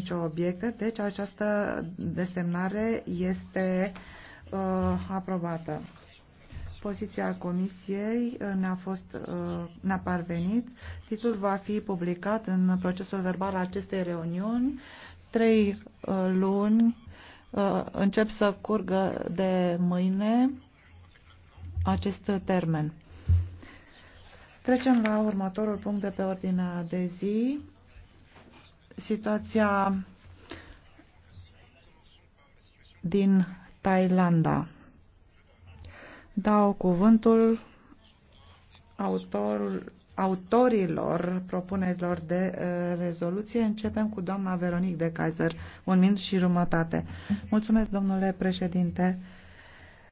nicio obiectă, deci această desemnare este uh, aprobată. Poziția comisiei uh, ne-a fost uh, ne-a parvenit. Titlul va fi publicat în procesul verbal al acestei reuniuni. Trei uh, luni încep să curgă de mâine acest termen. Trecem la următorul punct de pe ordinea de zi situația din Thailanda. Dau cuvântul autorul, autorilor propunerilor de uh, rezoluție. Începem cu doamna Veronic de Kaiser. Un minut și jumătate. Mulțumesc, domnule președinte. Uh,